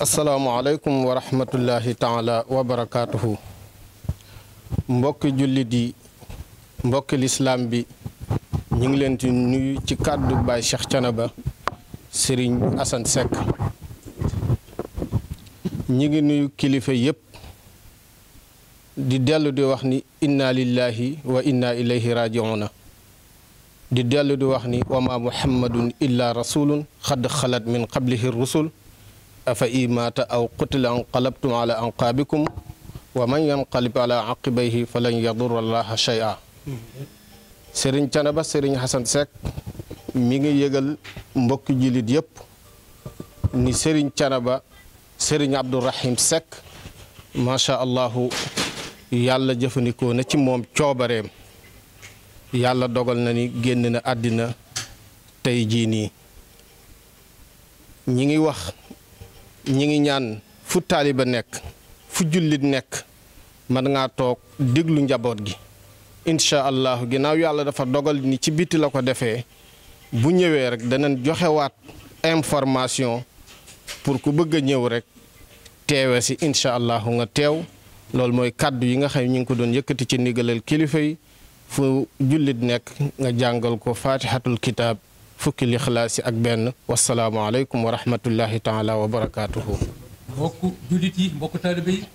asalaamualeykum wa rahmatullahi taala wa barakaatuhu mbokki jullit yi mbokki lislaam bi ñu ngi leen di nuyu ci kàddu Baay Cheikh Thiénaba Sëriñ Assane Seck ñi ngi nuyu kilifa yépp di dellu di wax ni inna lillahi wa inna ilayhi rajiuna di dellu di wax ni wa ma muhammadun illa rasulun xad xalat min qablihi rusul afa imaata aw qutila anqalabtum ala anqaabikum wa man yanqalib ala aqibayhi falan yadurra allaha shay'a sëriñ Canaba sëriñ Xasan Seck mi ngi yëgal mbokki jullit yépp ni sëriñ Canaba sëriñ Abdourahim Seck macha allahu yàlla jëfandikoo na ci moom coobareem yàlla dogal na ni génn na àddina tey jii nii ñi ngi wax ñi ngi ñaan fu taaliba nekk fu jullit nekk man ngaa toog déglu njaboot gi incha allah ginnaaw yàlla dafa dogal ni ci biti la ko defee bu ñëwee rek danañ joxewaat information pour ku bëgg a ñëw rek teewe si incha allah nga teew loolu mooy kàddu yi nga xam ñu ngi ko doon yëkkati ci ndigalal kilifa yi fu jullit nekk nga jàngal ko fatihatul kitab fukki lixlaas yi ak benn alaykum wa rahmatullahi taala wa barakatuh mbokku jullit yi mbokku taalibe